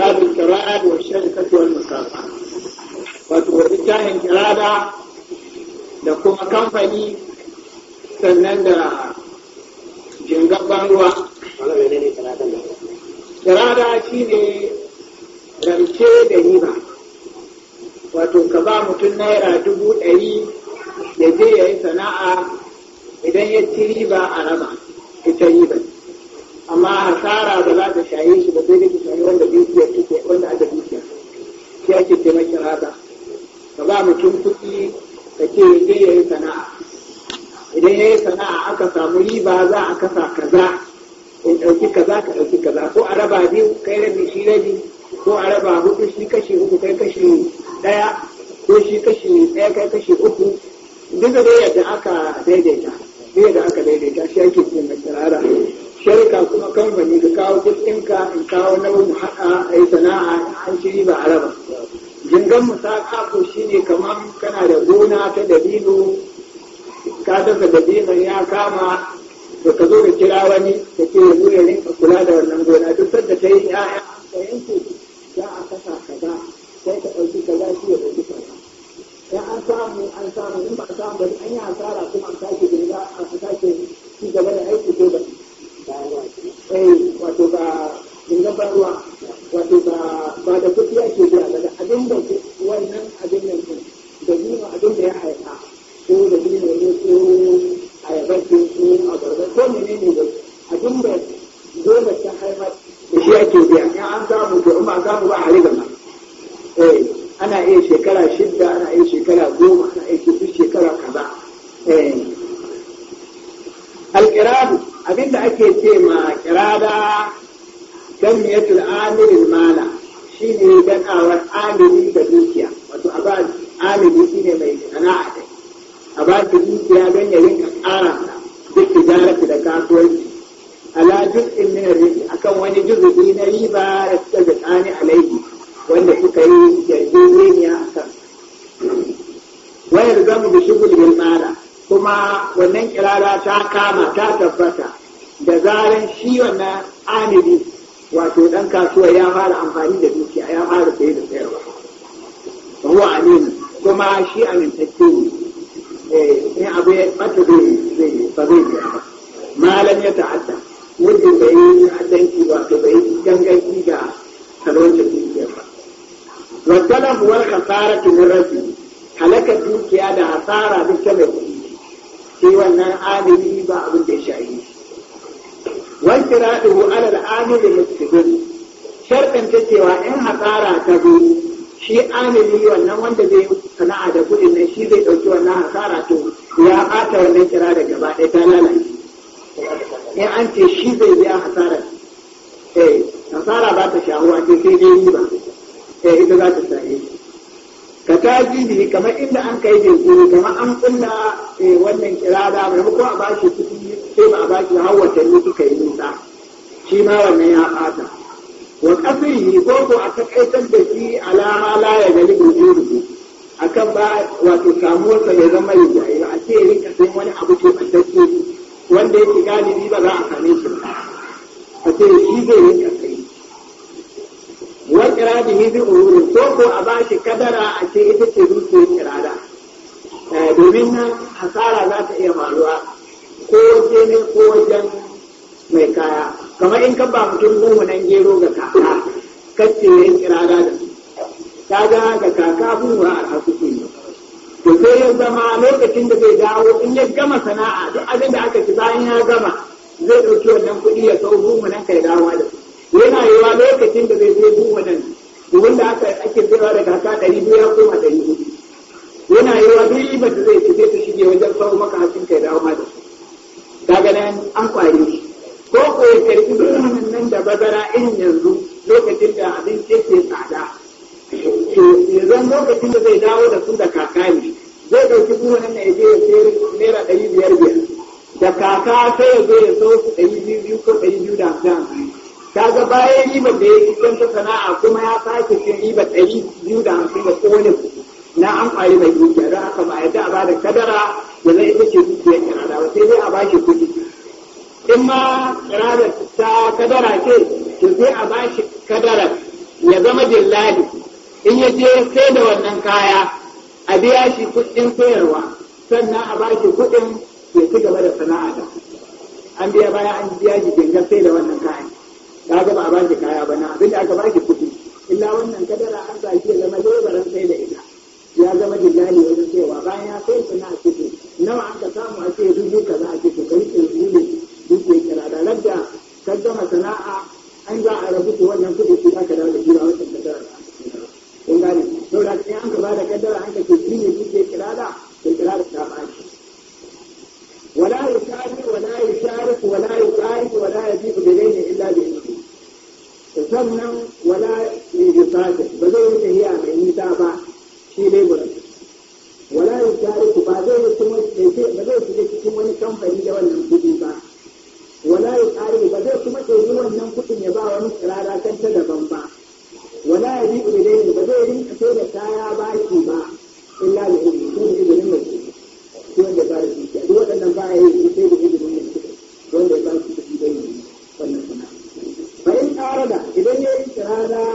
كتاب الكواعد والشركة والمسافة وتوجه da kuma kamfani sannan da jingabban ruwa kirada shi ne rance da riba wato ka ba mutum naira dubu ɗari ya je ya yi sana'a idan ya ci riba a raba ita ba. amma asara ba za ta shaye shi ba sai dai ta shaye wanda dukiya take wanda aka dukiya shi ake ce mai kirata ka ba mutum kuɗi ka ce je ya yi sana'a idan ya yi sana'a aka samu riba za a kasa kaza in ɗauki kaza ka ɗauki kaza ko a raba biyu kai rabi shi rabi ko a raba hudu shi kashi uku kai kashi ɗaya ko shi kashi ɗaya kai kashi uku duk da yadda aka daidaita duk da aka daidaita shi ake ce mai kirara shirka kuma kamfani ka kawo kudinka in kawo nauyin haɗa a yi sana'a an shiri ba a raba jingan musaka ko ne kamar kana da gona ta dabino ka dafa dabino ya kama da ka zo da kira wani da ke yanzu ya rinka kula da wannan gona duk sanda ta yi ya'ya ka yanke za a kasa kaza sai ka ɗauki kaza shi ya ɗauki kaza ya an samu an samu in ba a samu ba an yi hasara kasuwa ya fara amfani da dukiya ya fara saye da sayarwa ruwa alim kuma shi amintacce ne eh, in abu ya bata zai ba zai biya ba malam ya ta'adda muddin bai yi ba to bai yi ganganci ga talaucin dukiya ba wasalan huwar kasara tunin rafi halaka dukiya da hasara duk ta mai kuɗi sai wannan adali ba abin da ya shahi wasu raɗin alal amilin musulmi sharɗin ta cewa in hasara ta zo shi amili wannan wanda zai sana'a da kuɗi nan shi zai ɗauki wannan hasara to ya ɓata wannan kira da gaba ɗaya ta lalace in an ce shi zai biya hasara eh hasara ba ta a ce sai dai ba. eh ita za ta sare ta ji tajiri kamar inda an kai jinkiri kamar an kunna eh, wannan kira da, maimakon a bashi kuɗi sai ba a bashi har watanni suka yi nisa shi ma wannan ya ɓata wa kafirihi ko ko a kaɗaitar da shi alama la ya gani wujudu a kan ba wato samuwarsa ya zama ya jayi a ce ya rika sai wani abu ke ɓantacce wanda ya ci galibi ba za a same shi ba a ce shi zai rika sai wa kiradihi bi ururin ko ko a ba shi kadara a ce ita ce zuciyar kirada domin nan hasara za ta iya faruwa ko wajen ko wajen mai kaya kamar in ka ba mutum goma nan gero ga kaka kacce ya yi kirada da su ta ga ga kaka buwa a hakuku ne to sai ya zama lokacin da zai dawo in ya gama sana'a duk abin da aka ci bayan ya gama zai ɗauki wannan kuɗi ya sau goma nan kai dawo da su yana yiwa lokacin da zai zo goma nan da aka ake cewa daga kaka ɗari biyu ya koma ɗari hudu yana yiwa duk ribar da zai ci zai ta shige wajen sau maka hakin kai dawo da su daga nan an kwaye shi ko ko ya karɓi birnin nan da bazara irin yanzu lokacin da abin ke tsada yanzu lokacin da zai dawo da su da kaka ne zai ɗauki birnin nan ya je ya sayar naira ɗari biyar biyar da kaka sai ya zo ya sau su ɗari biyu biyu ko ɗari biyu da hamsin ga bayan ribar da ya yi ta sana'a kuma ya sake cin ribar ɗari biyu da hamsin da kowane na an kwari mai dukiya don haka ba yadda a ba da kadara ya zai ita ce dukiyar da ba sai dai a ba shi kuɗi in ma ranar ta kadara ce to sai a bashi kadara ya zama jillali in ya je sai da wannan kaya a biya shi kuɗin sayarwa sannan a bashi kuɗin ya ci gaba da sana'a da an biya baya an biya shi gangan sai da wannan kaya ka ga ba a bashi kaya ba na abinda aka bashi kuɗi illa wannan kadara an sa shi ya zama dogaran sai da ita ya zama jillali wajen cewa bayan ya sai sana'a kuɗi nawa an ka samu a ce dubu kaza a ce kai yake kira da lagga ka gama sana'a an za a rabu ku wannan kuɗi su aka dawo da shi ba wata kaddara kun gane saboda in an ka ba da kaddara an ka ce shi ne kuke kira da kun kira da ta ɓaci wala yusari wala yushariku wala yuqari wala yajibu bi ghayri illa bi sannan wala yusari ba zai yi tafiya mai nisa ba shi dai gurin wala yusari ba zai yi kuma ba zai shiga cikin wani kamfani da wannan kuɗi ba wala ya ƙari ba zai kuma ɗauki wannan kuɗin ya ba wani tsirara kan ta daban ba wala ya bi ilai ba zai yi sai da kaya ba shi ba illa da ilmi ko da izinin mai ko da ba shi duk waɗannan ba ya yi sai da izinin mai wanda ya ba shi kuɗi bai yi wannan sana'a bayan ƙara da idan ya yi tsirara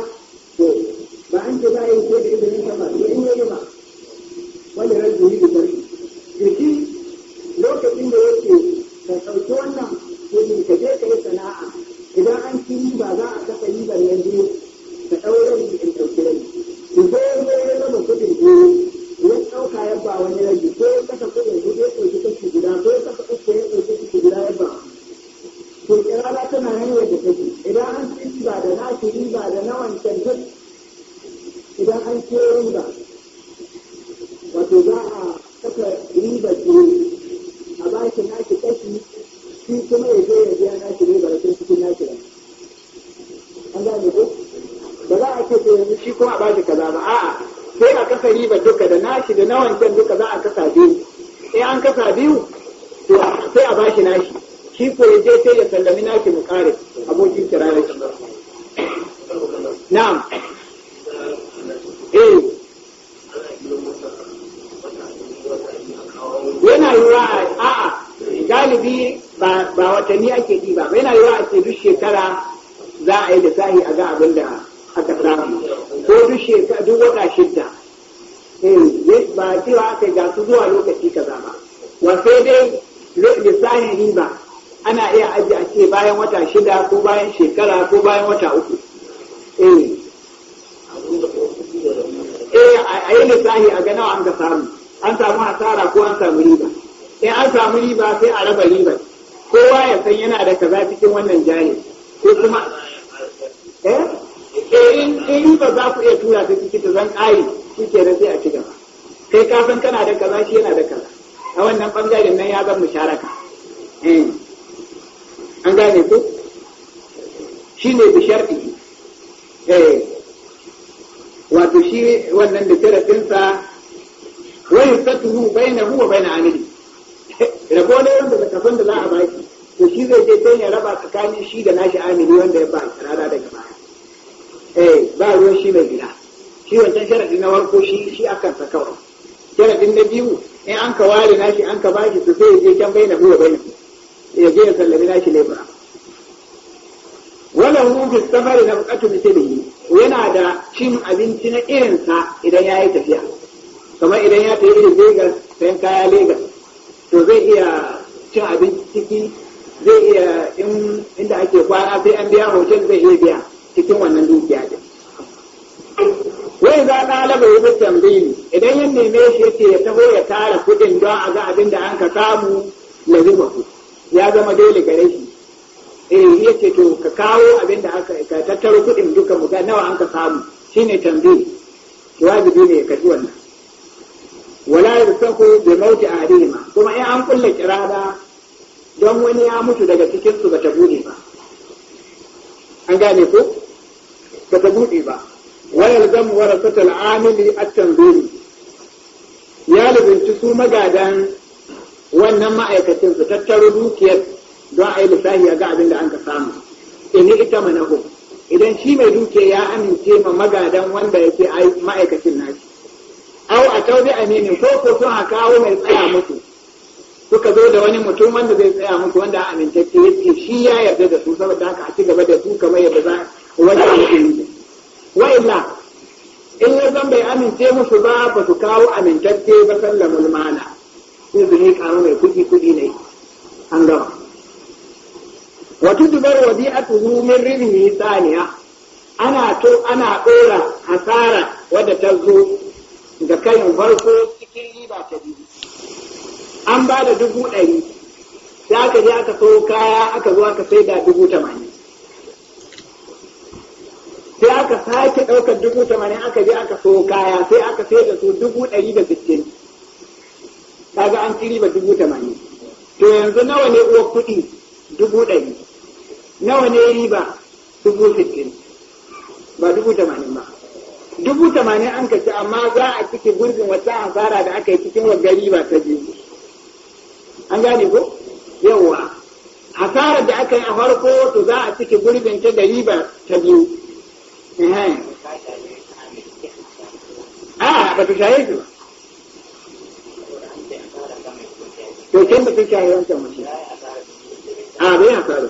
daga mina ke mu kare abokin kirare na'am eh yana yiwa a a galibi ba watanni ake ɗi ba yana yiwa a ce duk shekara za a yi da sahi a ga abin da aka samu ko duk shekara duk wata shidda eh, ba cewa aka ga su zuwa lokaci kaza ba wa sai dai lissahin riba ana iya ajiye ce bayan wata shida ko bayan shekara ko bayan wata uku eh, eh a yi lissahi a ganawa an ga samu an samu asara ko an samu riba in an samu riba sai a raba riba kowa ya san yana da kaza cikin wannan jari ko kuma eh, eh in riba za ku iya tura ta ciki ta zan ƙari shi ke da sai a ci gaba kai ka san kana da kaza shi yana da kaza a wannan ɓangaren nan ya zan musharaka eh an gane ku shi ne bi sharɗi eh wato shi wannan da sharaɗinsa wani satuhu bai na huwa bai na amini rabo ne wanda da kafin da za a baki to shi zai je sai ya raba tsakanin shi da nashi amini wanda ya ba rana daga baya eh ba ruwan shi mai gida shi wancan sharaɗi na warko shi shi akan sa kawai sharaɗin na biyu in an ka ware nashi an ka bashi to sai ya je can bai na huwa bai na ya je ya sallami nashi lebura wannan hukun safari na bukatu misali yana da cin abinci na irinsa idan ya yi tafiya kamar idan ya tafi irin legas sayan kaya legas to zai iya cin abinci ciki zai iya inda ake kwana sai an biya hotel zai iya biya cikin wannan dukiya din wai za ɗa laba yi Bini idan ya neme shi yake ya taho ya tara kuɗin don a ga abin da an ka samu lazima ku ya zama dole gare shi eh ya ce to ka kawo abin da aka ka tattaro kuɗin duka mu nawa an ka samu shine tambayi wajibi ne ya ji wannan wala tsako da mauti ahlihima kuma in an kulle kirada don wani ya mutu daga cikin su bata bude ba an gane ko bata bude ba wala yalzamu warasatul amili at-tanzuri ya lubunci su magadan wannan ma'aikacin su tattaro dukiyar don a yi lissafi a ga abin da an ka samu in ita manahu idan shi mai dukiya ya amince ma magadan wanda yake ma'aikacin nashi au a taube Amini, ko ko sun a kawo mai tsaya musu suka zo da wani mutum wanda zai tsaya musu wanda a amintacce yake shi ya yarda da su saboda haka a ci gaba da su kamar yadda za wani amince wa illa in ya zan bai amince musu ba ba su kawo amintacce ba sallamul mana sai su ne kama mai kuɗi kuɗi ne an gama wata dubar wadi'atu min rirhi saniya ana to ana ɗora hasara wadda ta zo ga kayan farko cikin riba ta biyu an ba da dubu ɗari sai aka je aka so kaya aka zo aka sai da dubu tamanin sai aka sake ɗaukar dubu tamanin aka je aka so kaya sai aka sai da su dubu ɗari da sittin kaga an ci riba dubu tamanin to yanzu nawa ne uwa kuɗi dubu ɗari nawa ne riba dubu sittin ba dubu tamanin ba dubu tamanin an kaci amma za a cike gurbin wata hasara da aka yi cikin wa gari ba ta biyu an gane ko yawwa asara da aka yi a farko to za a cike gurbin ta gari ba ta biyu a ah, ba ta shaye ba to kin da kike yi wancan mace a bai asara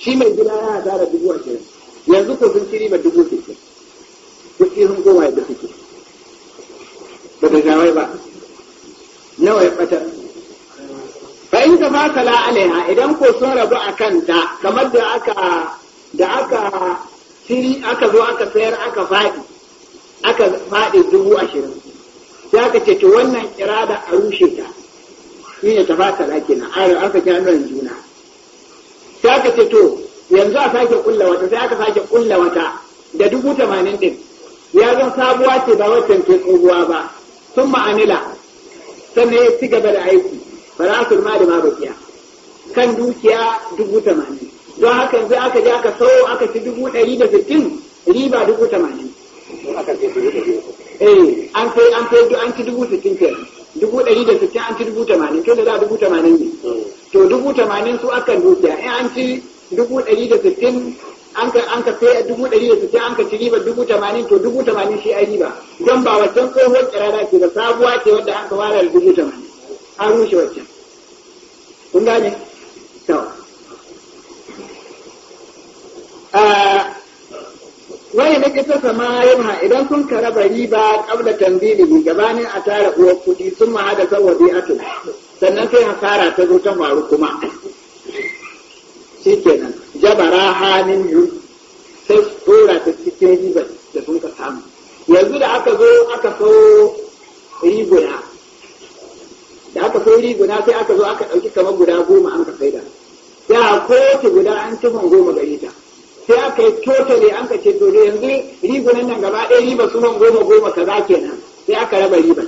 shi mai gida ya asara dubu ashirin yanzu ko sun ciri ba dubu sittin kuɗi sun koma yadda suke ba da gawai ba nawa ya ɓatar fa in ka fata la'alaiha idan ko sun rabu a kanta kamar da aka da aka siri aka zo aka sayar aka faɗi aka faɗi dubu ashirin sai aka ce to wannan kira da a rushe ta shi ne tafasala kenan ayar aka kira nan juna sai aka ce to yanzu a sake kulla wata sai aka sake kulla wata da dubu tamanin din ya zan sabuwa ce ba waccan ke tsohuwa ba sun ma'anila sannan ya ci gaba da aiki su ma da ma bakiya kan dukiya dubu tamanin don haka zai aka je aka sau aka ci dubu ɗari da sittin riba dubu tamanin eh an kai an kai an ci dubu sittin kenan dubu ɗari da sittin an ci dubu tamanin to da za dubu tamanin ne hmm. to dubu tamanin su akan dukiya in an ci dubu ɗari da sittin an ka an ka sai dubu ɗari da sittin an ka ci riba dubu tamanin to dubu tamanin shi a riba don ba wancan tsohon kirara ce da sabuwa ce wadda an ka da dubu tamanin an rushe wancan kun gane to ah, wani na kisa sama ma idan sun karaba riba kabla tambili gabanin a tara uwa kuɗi sun ma hada a wabi'atu sannan sai fara ta zo ta faru kuma shikenan jabara halin yu sai dora ta cikin riba da sun ka samu yanzu da aka zo aka so riguna da aka so riguna sai aka zo aka ɗauki kamar guda goma an ka saida yara kowace guda an cifin goma gari ta sai aka yi totale an ka ce to da yanzu rigunan nan gaba ɗaya riba sunan goma goma kaza kenan sai aka raba riba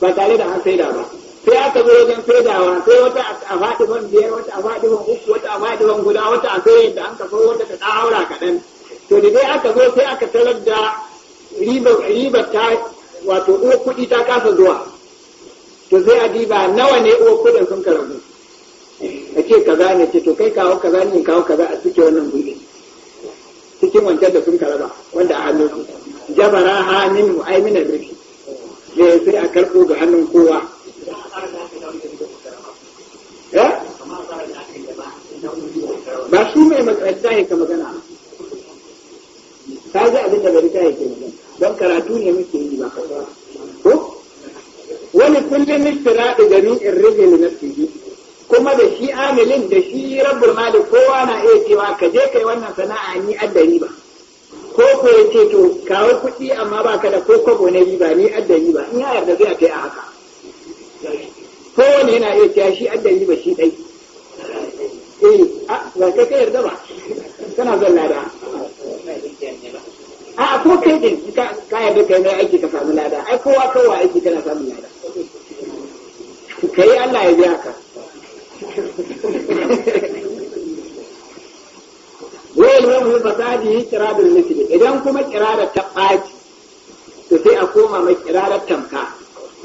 ba tare da an saida ba sai aka zo wajen saidawa sai wata a faɗi biyar wata a faɗi uku wata a faɗi guda wata a sai da an ka so wata ta ɗan kaɗan to da dai aka zo sai aka tarar da riba ta wato uwa kuɗi ta kasa zuwa to sai a diba nawa ne uwa kuɗin sun karabu a ce kaza ne ce to kai kawo kaza ne kawo kaza a cike wannan gudun cikin wancan da sun karaba wanda a hannun jabara ha min mu'aiminar rufi ne eh, sai a karɓo ga hannun kowa eh? ba su mai matsayin ya magana ta ji abin da bari ta yake magana don karatu ne muke yi ba ko wani kullum istiraɗi jami'in rufe na nafsihi kuma da shi amilin da shi rabbul malik kowa na iya cewa ka je kai wannan sana'a ni adda ba ko ko ya ce to kawo kuɗi amma baka da ko kwabo na riba ni adda ba in ya yarda zai a kai a haka kowane yana iya cewa shi adda ba shi ɗai eh ba kai ka yarda ba kana zan lada a ko kai din ka yarda kai mai aiki ka samu lada ai kowa kowa aiki kana samu lada kai Allah ya biya ka bi fasadihi kiradul misli idan kuma kirara ta ɓaci to sai a koma mai kirarar tamka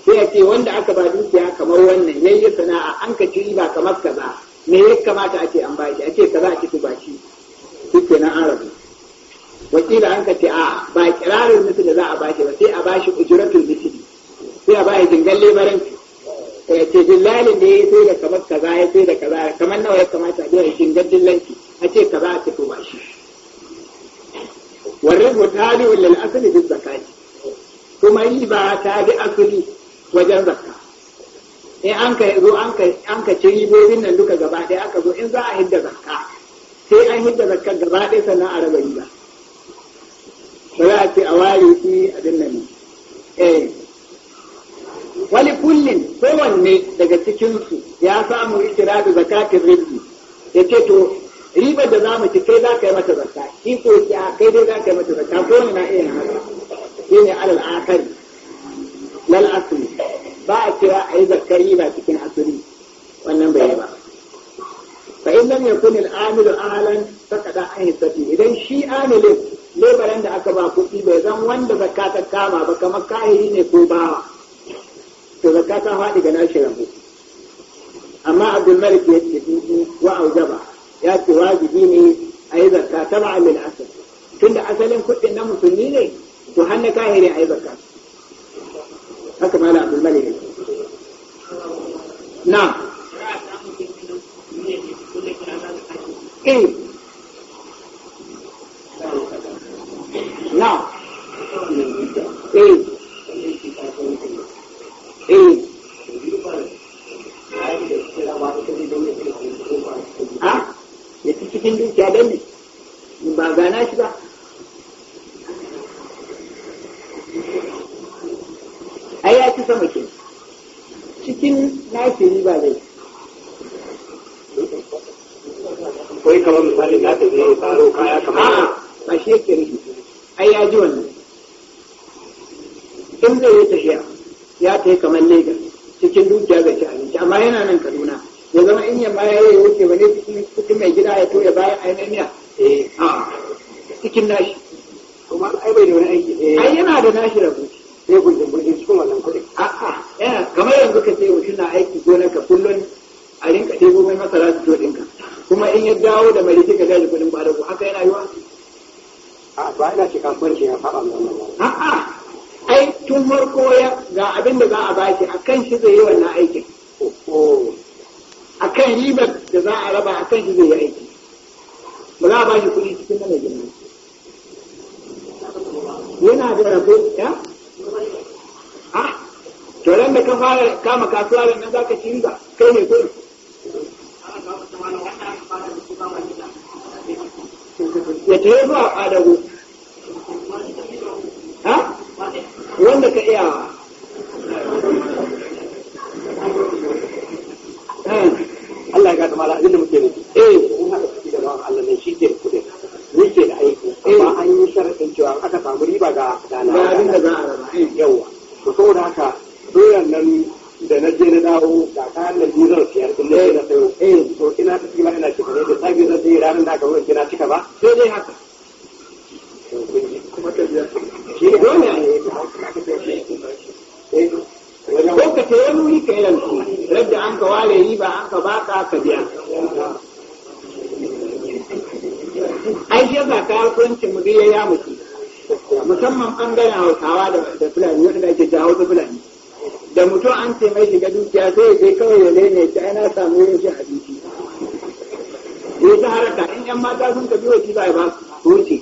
sai a ce wanda aka ba dukiya kamar wannan ya yi sana'a an ka ci ba kamar kaza me ya kamata a ce an ba shi a ce kaza a ci ba shi shikenan an rabu wakila an ka ce a ba kirarar misli za a ba shi ba sai a ba shi ujratul misli sai a ba shi dingalle baranci ya ce dillalin da ya yi sai da kamar kaza ya sai da kaza kamar nawa ya kamata a biya shi dingallanci a ce kaza a ci ba shi والربو تابع للأصل في الزكاة ثم يبا تابع أصلي wajen zakka in an ka zo an ka ci ribobin nan duka gaba aka zo in za a hidda zakka sai an hidda zakka gaba ɗaya sannan a raba riba ba za a ce a ware shi a dinnan ne eh. wani kullin kowanne daga cikinsu ya samu ikira da zakatin rizki ya ce to ribar da za mu ci kai za ka yi mata zakka shi ko ki a kai dai za ka yi mata zakka ko wani na iya haka shi ne alal akari lal asiri ba a cewa a yi zakkar riba cikin asiri wannan bai yi ba fa in lam yakun al amilu alan faqada an idan shi amilin lebaran da aka ba kuɗi bai zan wanda zakka ta kama ba kamar kahiri ne ko bawa to zakka ta faɗi ga nashi rabo amma abdul malik ya ce wa aujaba ya ce wajibi ne a yi zakka taba asali asal tunda asalin kuɗin na musulmi ne to hannu ka hiri a yi zarka haka ma da abin malik na eh. na yana da rabo ya ah to ran da ka fara kama kasuwa da nan zaka ci riba kai ne gurin ya ce ba a dago ha wanda ka iya riba ga ɗana. ya samu wurin shi abinci ya ta haraka in yan mata sun tafi wa shi ba ya ba su wuce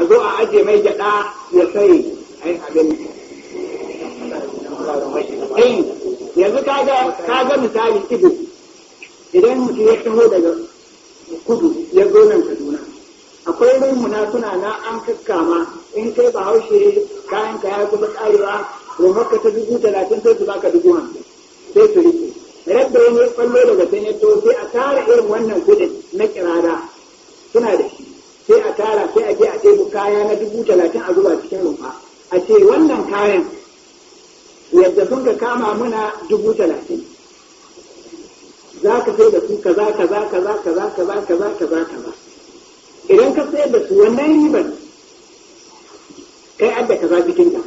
a zo a ajiye mai gyaɗa ya sai a yi abin eh, yanzu ka ga misali ido idan mutum ya taho daga kudu ya zo nan kaduna akwai muna suna na an kakkama in kai ba haushe kayan ka ya kusa karewa rumar ta dubu talatin sai su baka dubu hamsin sai su rike radda wani kwallo daga can ya sai a tara irin wannan kudin na kirada suna da shi sai a tara sai a je a ɗebo kaya na dubu talatin a zuba cikin rumfa a ce wannan kayan yadda sun ka kama muna dubu talatin za ka sai da su kaza kaza kaza kaza kaza kaza kaza kaza idan ka sayar da su wannan ribar kai adda kaza cikin ta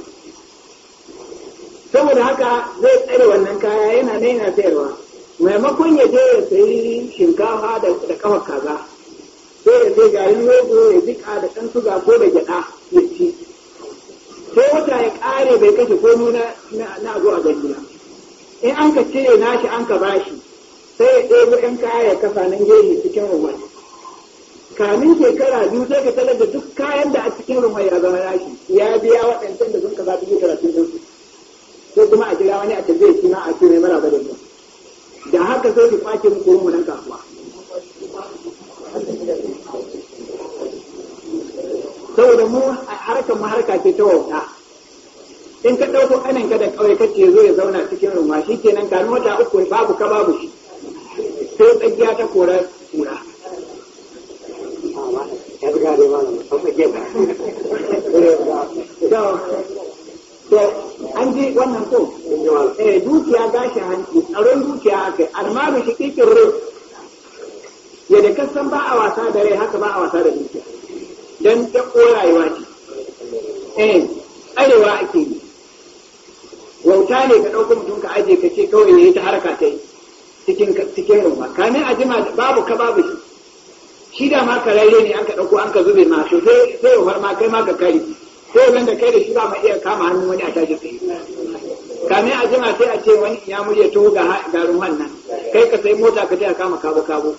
saboda haka zai tsare wannan kaya yana ne yana sayarwa maimakon ya je ya sayi shinkafa da kafa kaza sai ya je garin rogo ya jika da ɗan suga ko da gyaɗa ya ci sai wata ya kare bai kashe komo na na a gani in an ka cire nashi an ka bashi sai ya ɗebo ɗan kaya ya kafa nan gehe cikin rumai kamin shekara biyu sai ka talar da duk kayan da a cikin rumai ya zama nashi ya biya waɗancan da sun ka zaɓi talatin ɗinsu ko kuma a kira wani a tambaye shi ma a ce mai mara ba da haka sai kwace muku nan kasuwa saboda mu harkar mu harka ce ta wauta in ka ɗauko kanin ka da kawai kake zo ya zauna cikin rumwa shi kenan ka nota uku babu ka babu shi sai tsakiya ta kora kura ya an je wannan ko eh dukiya gashi hanci tsaron dukiya akai amma ba shi kikin ro ya da kasan ba a wasa da rai haka ba a wasa da dukiya dan ta rayuwa ce eh arewa ake yi wauta ne ka ɗauko mutum ka aje ka ce kawai ya yi ta harka ta yi cikin cikin rumfa kamin a jima babu ka babu shi shi da ma kararre ne an ka ɗauko an ka zube ma sai sai ya ma kai ma ka kare sai nan da kai da shi ba mu iya kama hannun wani a tashi tsaye kame a jima sai a ce wani ya murya to ga garin wannan kai ka sai mota ka je a kama kabo kabo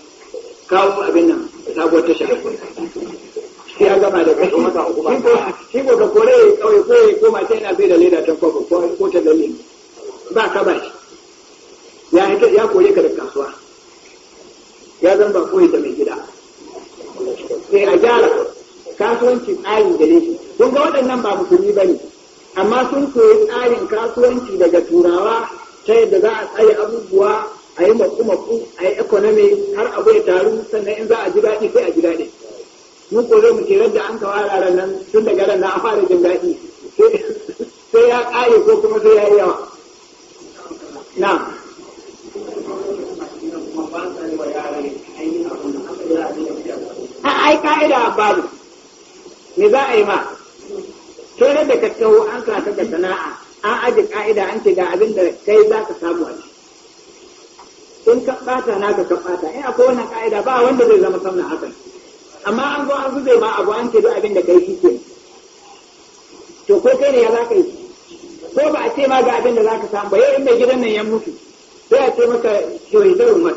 kawo abin nan sabuwar tasha sai ya gama da kai kuma ka hukuma wanda zai zama samna hakan amma an zo an zube ma abu an ce duk abin da kai shi ke to ko kai ne ya zaka yi ko ba a ce ma ga abin da zaka samu ba yayin da gidan nan ya mutu sai a ce maka shirin zarin mat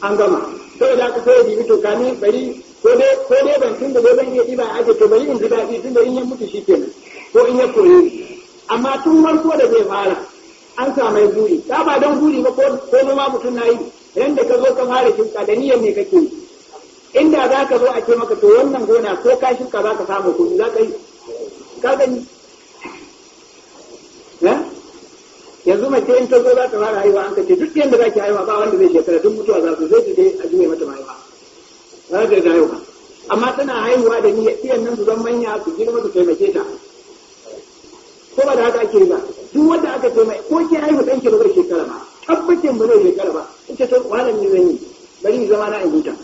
an gama sai da ka sai ya bibi to kani bari ko dai ko dai ban tun dai ban ba ɗiba ce to bari in ji dadi tun in ya mutu shi ne ko in ya kure amma tun farko da zai fara an samu buri ta ba don buri ba ko noma mutum na yi ran da ka zo ka fara shuka da niyyar me kake inda za ka zo a ce maka to wannan gona ko ka shuka za ka samu kuɗi za ka yi ka gani yanzu mace in ta zo za ta fara haihuwa an ka ce duk yadda za ki haihuwa ba wanda zai shekara duk mutuwa za su zai je a juye mata mahaifa za ta da haihuwa amma tana haihuwa da niyyar iyan nan su zan manya su girma su taimake ta ko ba da haka ake yi ba duk wanda aka taimake ko ke haihu ɗanki ba zai shekara ma tabbacin ba zai shekara ba in ce sai wannan ne zan yi bari zama na huta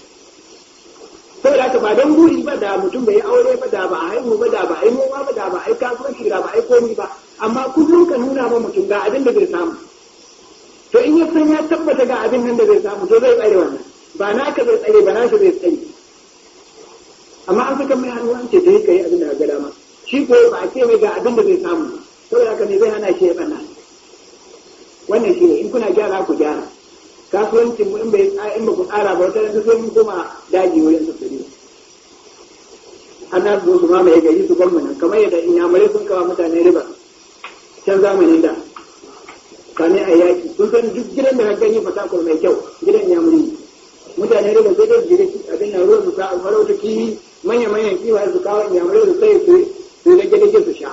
da ka ba don buri ba da mutum bai aure ba da ba a haihu ba da ba a mu ba ba da ba a ka kuma da ba a yi komi ba amma kullum ka nuna ma mutum ga abin da zai samu to in ya san ya tabbata ga abin nan da zai samu to zai tsare wannan ba naka zai tsare ba naka zai tsare amma an saka mai hannu an ce dai kai abin da ga dama shi ko ba a ce mai ga abin da zai samu ya ka ne zai hana shi ya banna wannan shi ne in kuna gyara ku gyara kasuwancin in bai in ba ku tsara ba wata yanzu sai koma daji wurin su tsiri ana zo su ma mai gari su gwamnan kamar yadda inyamare sun kawo mutane riba can zamanin da kane a yaki sun san duk gidan da gani fasakon mai kyau gidan inyamuri mutane riba sai dai jire abin na ruwan su sa marauta kiwi manya-manyan kiwa su kawo inyamare su sai su su rage-rage su sha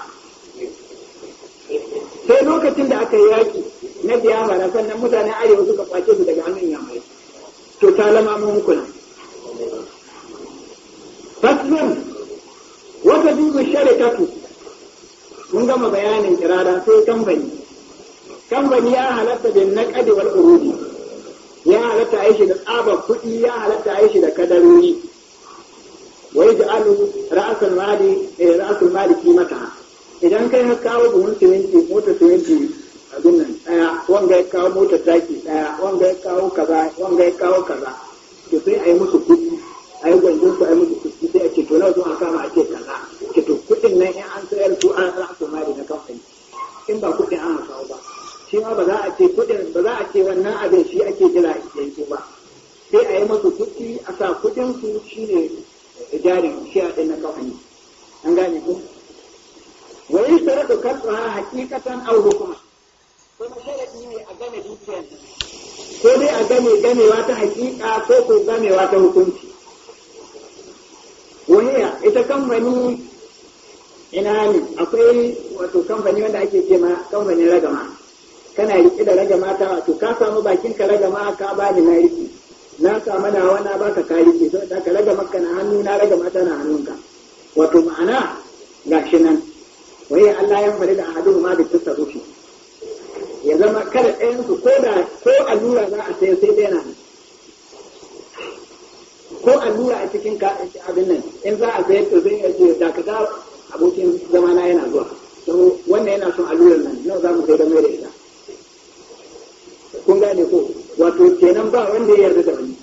sai lokacin da aka yi yaƙi na biyahara sannan mutane arewa suka ƙwace su daga hannun yamai to ta lama mun kula wata dubu sharikatu mun gama bayanin kirada sai kamfani kamfani ya halatta da na wal urudi ya halatta a shi da tsabar kuɗi ya halatta a shi da kadarori wai ji ra'asin mali ra'asul mali eh, kimata idan kai ka kawo buhun siminti mota siminti a nan daya wanda ya kawo mota taki daya wanda ya kawo kaza wanda ya kawo kaza to sai a yi musu kuɗi a yi gwanjin su a yi musu kuɗi sai a ce to nawa zuwa kama a ce kaza ke to kuɗin nan in an sayar su an za su mari na kamfani in ba kuɗin an kawo ba shi ma ba za a ce kuɗin ba za a ce wannan abin shi ake jira a yanki ba sai a yi musu kuɗi a sa kuɗin su shine jarin shi a ɗin na kamfani an gane ku yushtaratu kasra haqiqatan kuma sharadi ne a game dukiyar ko dai a game gamewa ta haqiqa ko ko gamewa ta hukunci wahiya ita kamfani ina ne akwai wato kamfani wanda ake ce ma kamfanin ragama kana riƙe da ragama ta wato ka samu bakin ka ragama ka ba ni na riƙe na samu na wana ba ka ka riƙe saboda ka ragama ka na hannu na ragama ta na hannunka wato ma'ana shi nan waye Allah ya bari da ahadu ma da tasarrufi ya zama kada ɗayan su ko da ko allura za a sai sai dai na ko allura a cikin ka abin nan in za a sai to zai yi ce da abokin zama na yana zuwa to wannan yana son allurar nan nawa za mu sai da mai da ita kun gane ko wato kenan ba wanda ya yarda da wani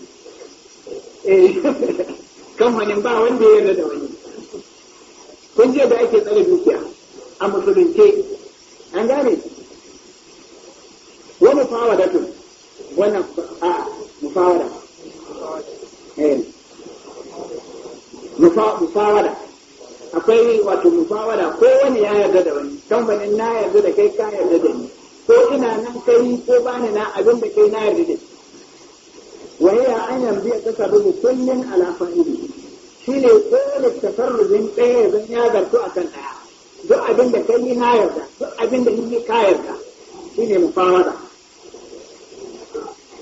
eh kamfanin ba wanda ya yarda da wani kun je da ake tsare dukiya a musulunce an gane wa tun wannan a mufawada eh. musawada akwai wato musawada ko wani ya yarda da wani kamfanin na yarda da kai ka yarda da ni ko ina nan kai ko bani na abin da kai na yarda da wa ya an yanzu ya tasarrufu kullun ala shi ne ko da tasarrufin ɗaya zan ya a kan ɗaya duk abin da kai yi na yarda duk abin da yi ka yarda shi ne mufawara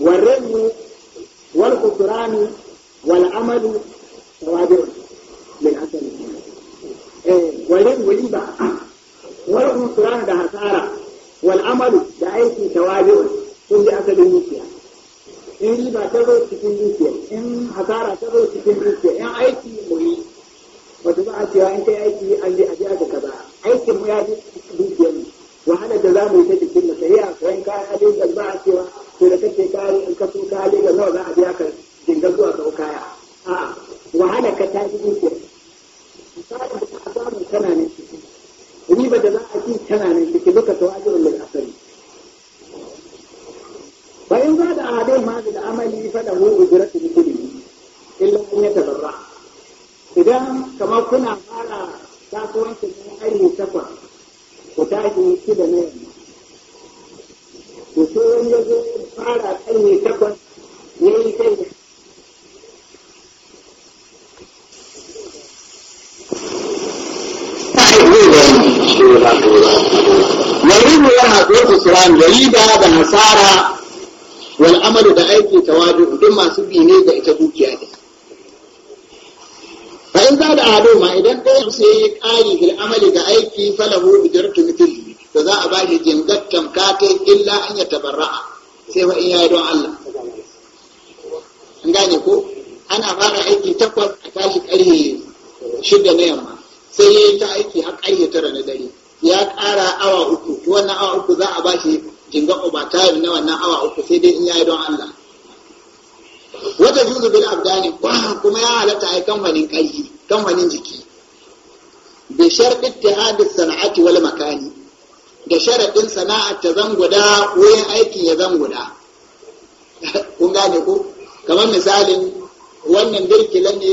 warrenmu wal kuturani wal amalu tawadir lil asali eh warren wali ba wal kuturani da hasara wal amalu da aiki tawadir sun bi asalin dukiya in riba ta zo cikin dukiya in hasara ta zo cikin dukiya in aiki mu yi wata ba a cewa in kai aiki an je a ji aka kaza aikin mu ya dukiyar mu wahala da za mu yi ta jikin mu sai a sayan kayan abin ba a cewa to da kake kayan in ka sun kayan da nawa za a biya ka jingar zuwa sau kaya a'a wahala ka tashi dukiyar misalin da ka samu tana nan ciki riba da za a ci tana nan ciki duka to ajirun lil asali bayan za da ahadai ma da amali fa da hu ujratu bi kulli illa an yatabarra idan kamar kuna fara kasuwancin tashi takwas ku tashi shida na yamma to wani ya zo fara karni takwas ya yi kai da يريد لها قوة السلام يريد هذا masu والأمل بأيدي تواجه ita dukiya ne. ma idan ɗayan sai yayi ƙari da amali ga aiki falahu ujratu mithli to za a ba shi jingar tamkata illa an ya tabarra'a sai wa in yayi don Allah an gane ko ana fara aiki takwas a tashi ƙarfe shida na yamma sai yayi ta aiki har ƙarfe tara na dare ya ƙara awa uku wannan awa uku za a ba shi jingar ubatari na wannan awa uku sai dai in yayi don Allah wata juzu bil abdani kuma ya halatta ai kamfanin aiki, kamfanin jiki bi sharɗi ittihadi sana'ati wal makani da sharaɗin sana'a ta zanguda wurin aikin ya zanguda kun gane ko kamar misalin wannan birkila ne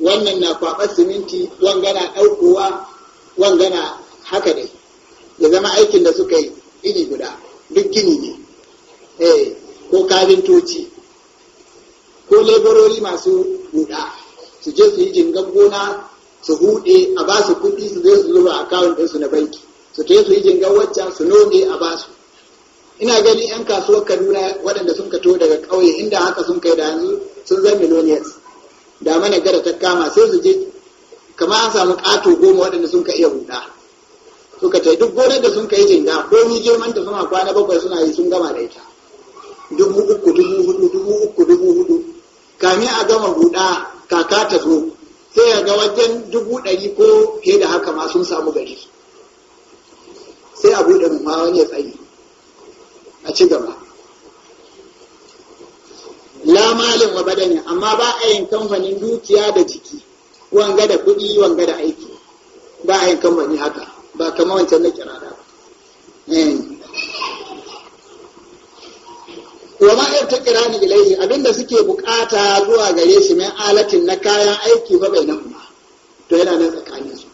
wannan na kwaɓar siminti wangana ɗaukowa wangana haka dai ya zama aikin da suka yi iri guda duk gini ne eh, ko kafintoci ko laborori masu huda su je su yi jingan gona su hude a ba su kudi su zai su zuba akawun ɗinsu na banki su ta su yi jingan waccan su nome a ba su ina gani yan kasuwar kaduna waɗanda sun kato daga ƙauye inda haka sun kai da hannu, sun zan millionaires da mana gara ta kama sai su je kamar an samu ƙato goma waɗanda sun ka iya huda suka ka duk gonar da sun kai jinga ko ni girman da suna kwana bakwai suna yi sun gama da ita dubu uku dubu hudu dubu uku dubu hudu Kamin a gama buɗa, kaka ta zo sai ya ga wajen dubu ɗari ko fiye da haka ma sun samu gari sai a buɗe ma wani ya tsaye a ci gaba la malin wa badani amma ba a yin kamfanin dukiya da jiki wanga da kuɗi wanga da aiki ba a yin kamfani haka ba kama wancan na kirara ba eh. wa ma ni ilayhi abinda suke bukata zuwa gare shi mai alatin na kayan aiki ba bai nan ba to yana nan tsakanin su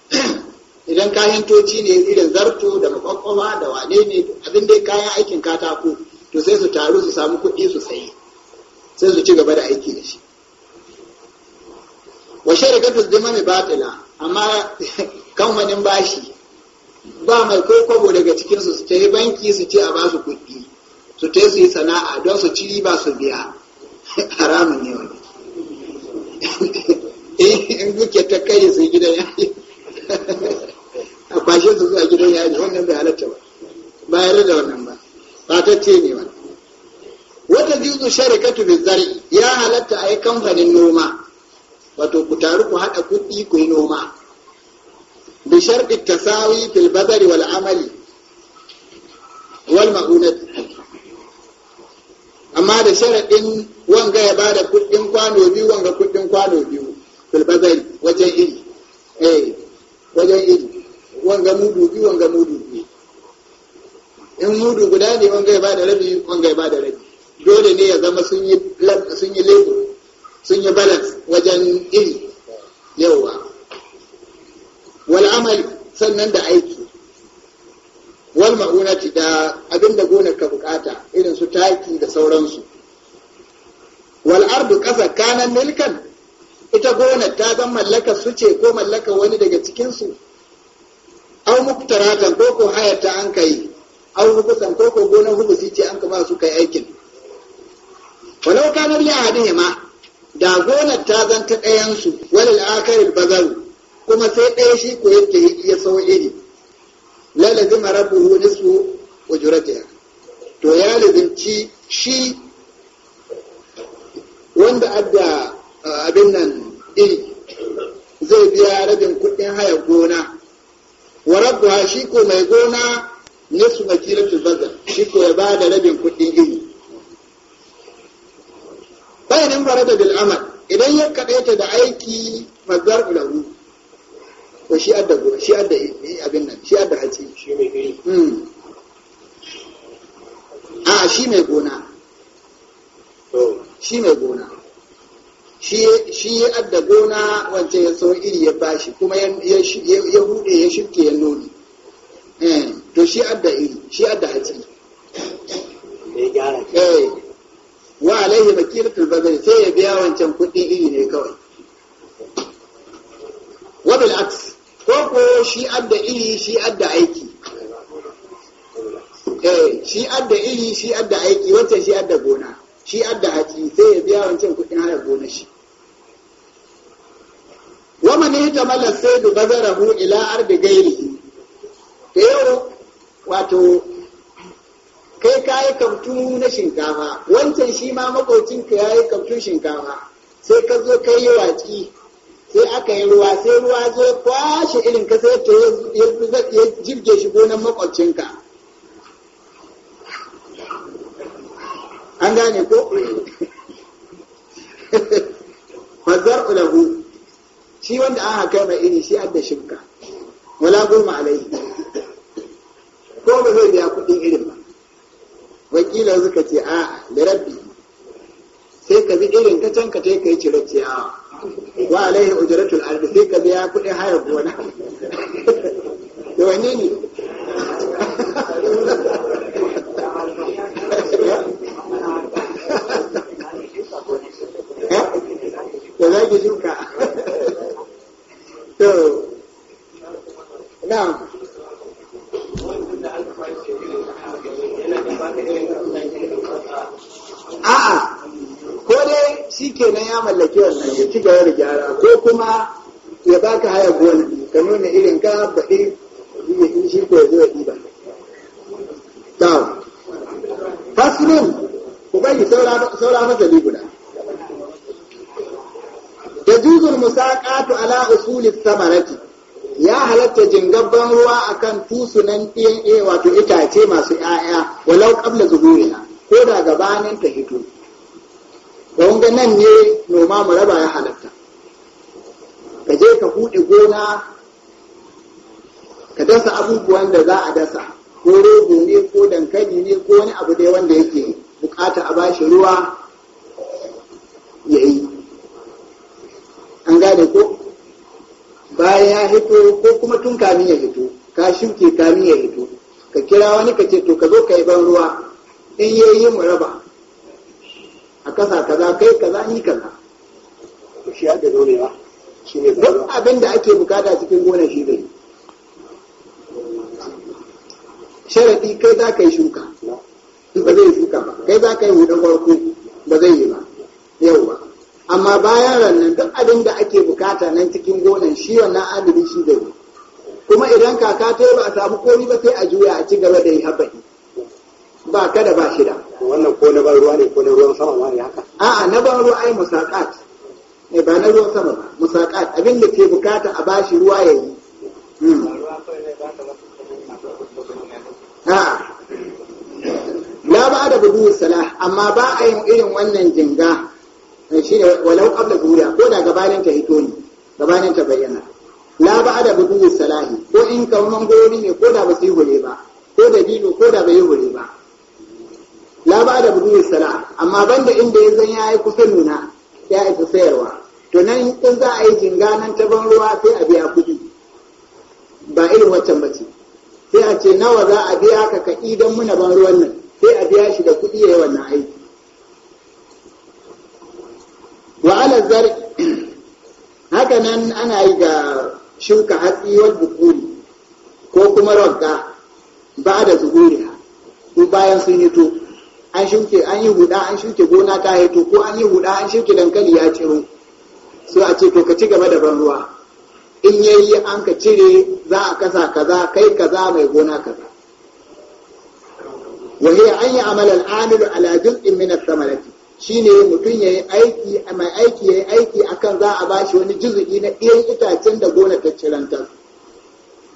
idan kayan toci ne irin zarto da makwakwama da wane ne abin dai kayan aikin katako to sai su taru su samu kuɗi su sayi sai su ci gaba da aiki da shi wa sharikatu mai batila amma kamfanin bashi ba mai ko daga cikin su su banki su ce a basu kuɗi su te su yi sana'a don su ci riba su biya haramun ne wani eh, in duke ta kai su gidan ya a kwashe su zuwa gidan yaji wannan bai halatta ba ba yarda da wannan ba ba ta ce ne wani wata jizu sharikatu bi zari ya halatta a yi kamfanin noma wato ku taru ku haɗa kuɗi ku yi noma bi sharɗi tasawi fil badari wal amali wal ma'unati amma da sharaɗin wanga ya ba da kuɗin kwano biyu wanga kuɗin kwano biyu filbazari wajen iri eh wajen iri wanga mudu biyu wanga mudu biyu in mudu guda ne wanga ya ba da rabi wanga ya ba da rabi dole ne ya zama sun yi sun yi sun yi balance wajen iri yawa wal amali sannan da aiki abin da gonar ka bukata irin su taki da sauransu wal ardu kasa kanan milkan ita gonar ta zan mallaka su ce ko mallaka wani daga cikinsu au muktaratan ko ko hayata an kai au hubusan ko ko gonar hubusi ce an ba su kai aikin walau kanar li ma? da gonar ta zan ta ɗayansu walil akaril bazaru kuma sai ɗaya shi ko yadda ya sau iri lalazima rabbuhu nisfu wa to ya lubinci shi wanda adda abin nan iri zai biya rabin kuɗin haya gona wa ha shi ko mai gona ne su nisu makiratul bazar shi ko ya ba da rabin kuɗin iri bayanin farata da amal idan ya kaɗaita da aiki mazar ularu to shi adda shi adda abin nan shi adda haci shi mai iri a shi mai gona shi mai gona shi ya adda gona wance ya so iri ya bashi kuma ya hude ya shirke ya nuni eh, to shi adda iri shi adda hatsi eh. wa alaihi makil bazari sai ya biya wancan kuɗin iri ne kawai wabil aks ko ko shi adda iri shi adda aiki Eh, shi adda iri shi adda aiki wancan shi adda gona shi adda haji sai ya biya wancan kuɗin haya gona shi mala sai da bazara hu ila ardi gairi to yau wato kai yi kamtu na shinkafa wancan shi ma makocinka ya yi kamtun shinkafa sai ka zo kai yi watsi sai aka yi ruwa sai ruwa zo kwashe irin ka sai ta ya jirge shi gonan makocinka. an gane ko fazar ulahu shi wanda an haka mai iri shi da shinka wala gulma alai ko ba zai biya kuɗin irin ba wakilan suka ce a da rabbi sai ka bi irin ka can ka ta kai cire ciyawa wa alaihi ujratul ardi sai ka biya kuɗin hayar gona da wanne ne ko kuma ya baka haya gona ka nuna irin ka baɗi ya yi shi ko ya zo ya ɗiba tawo hasulun ku bari saura masa guda da juzul musaqatu ala usuli samarati ya halatta jingabban ruwa akan tusunan DNA wato itace masu ‘ya'ya walau ƙabla zuburina ko da gabanin ta hito. Don ga nan ne noma mu raba ya gona ka dasa abubuwan da za a dasa ko rogo ne ko dankali ne ko wani abu dai wanda yake bukata a bashi ruwa ya yi an gane ko bayan ya hito ko kuma tun kamin ya hito ka shuke kamin ya hito ka kira wani ka ce to ka zo ka yi ban ruwa in ya yi mu raba a kasa kaza kai kaza ni kaza shi ya da dorewa duk abin da ake bukata cikin gona shi zai sharaɗi kai za ka yi shuka ba zai shuka ba kai za ka yi hudu farko ba zai yi ba yau ba amma bayan rannan duk abin da ake bukata nan cikin gonan shi wannan adalin shi zai kuma idan kaka ta ba a samu komi ba sai a juya a ci gaba da yi haɓaɗi ba kada ba shida wannan ko na ban ruwa ne ko na ruwan sama ma ne haka a'a na ban ruwa ai musaqat ne eh, ba na ruwan sama ba musaƙat abin da ke bukata a bashi ruwa ya yi la hmm. ba da budu salah amma ba a yin irin wannan jinga eh, shi ne walau qabla zuhuriya ko da gabanin ta hito ne gabanin ta bayyana la ba da budu salahi ko in kaunan gori ne ko da ba su yi hure ba ko da dino ko da bai yi hure ba la ba da budu salah amma banda inda ya zan yi kusa nuna ya isa sayarwa to nan in za a yi jinga nan ta ban ruwa sai a biya kuɗi ba irin wancan ba ce sai a ce nawa za a biya ka ka idan muna ban ruwan nan sai a biya shi da kuɗi ya yi wannan aiki wa zar haka nan ana yi ga shuka hatsi wal bukuri ko kuma rogga ba da zuhuriya ko bayan sun to an shuke an yi huda an shuke gona ta haito ko an yi huda an shuke dankali ya ciro sai a ce to ka ci gaba da ban ruwa in yayi an ka cire za a kasa kaza kai kaza mai gona kaza amal anyi amil ala juz'in min al thamarati shine mutum yayi aiki mai aiki ya aiki akan za a bashi wani juzu'i na ɗiyan itacen da gona ta ciranta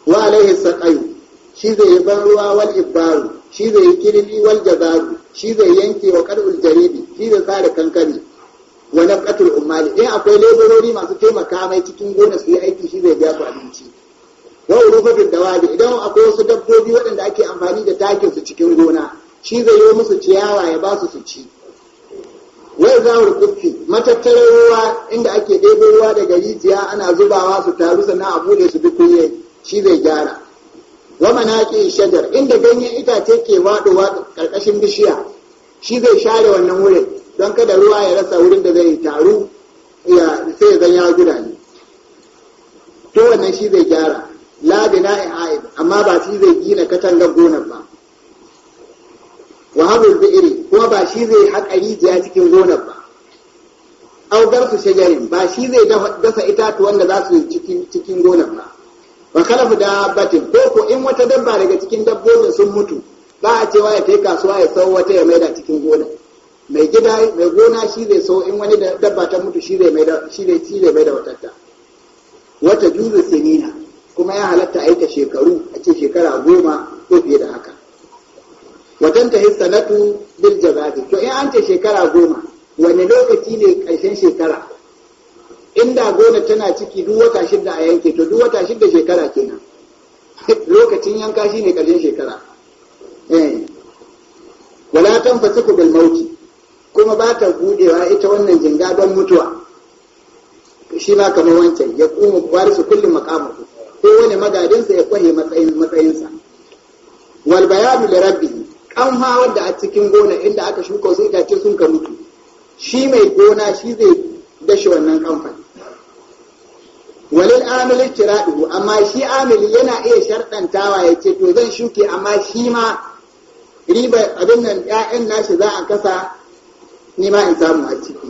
wa alaihi saƙayu shi zai yi ban ruwa wal ibaru shi zai yi kirimi wal jazaru shi zai yanke wa karɓul jaribi shi zai sare kankani wa nafqatul ummali in akwai laborori masu taimaka mai cikin gona su yi aiki shi zai biya ku abinci wa da dawabi idan akwai wasu dabbobi waɗanda ake amfani da takin su cikin gona shi zai yi musu ciyawa ya ba su su ci wai za kufi matattarar ruwa inda ake ɗebo ruwa daga rijiya ana zubawa su taru sannan a bude su duk kuye shi zai gyara wa manaqi shajar inda ganyen itace ke waɗowa ƙarƙashin bishiya shi zai share wannan wurin don kada ruwa ya rasa wurin da zai taru ya sai zan ya gudane to wannan shi zai gyara la bina aib amma ba shi zai gina katangar gonar ba wa da bi'ri kuma ba shi zai haƙa rijiya cikin gonar ba aw garsu shajarin ba shi zai dasa itatuwan da za su yi cikin cikin gonar ba wa khalafu batin ko ko in wata dabba daga cikin dabbobin sun mutu ba a cewa ya kai kasuwa ya sau wata ya maida cikin gonar mai gida mai gona shi zai so in wani dabba ta mutu shi zai mai da shi zai mai da watatta wata juzu sinina kuma ya halatta aika shekaru a ce shekara goma ko fiye da haka watan ta hissanatu bil jazabi to in an ce shekara goma wani lokaci ne karshen shekara inda gona tana ciki duk wata shida a yanke to duk wata shida shekara kenan lokacin yanka shi ne karshen shekara eh. wala tan fasiku bil mauti kuma ba ta budewa ita wannan jinga don mutuwa shi ma kamar wancan ya kuma su kullum makamu ko wani magadinsa ya matsayin matsayinsa wal bayanu da rabbi an hawar da a cikin gona inda aka shuka su itace sun ka mutu shi mai gona shi zai dashi wannan kamfan walil amil kiradu amma shi amili yana iya sharɗantawa ya ce to zan shuke amma shi ma riba abin nan 'ya'yan nashi za a kasa ni ma in samu a ciki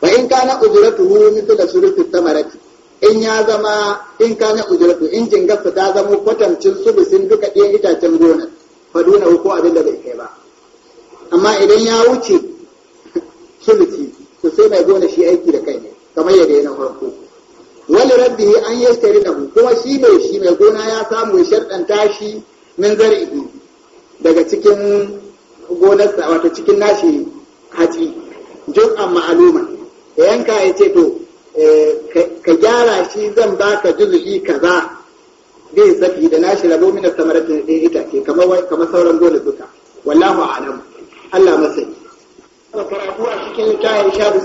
wa in kana ujratuhu mithla sulusi tamarati in ya zama in kana ujratu in jingarsa ta zama kwatancin sulusin duka ɗayan itacen gona fa duna ko abin da bai kai ba amma idan ya wuce sulusi to sai mai gona shi aiki da kai ne kamar yadda yana farko wani rabbi an yi yastari da kuma shi mai shi mai gona ya samu ya sharɗanta shi min zar'i daga cikin gonarsa wata cikin nashi hatsi jun an ma'aluma ya yanka ya ce to eh, ka gyara shi zan baka juzu'i kaza bai zafi da nashi rabo min samaratin da itace kamar kamar sauran dole duka wallahu a'lam Allah masani karatu cikin kayan shabu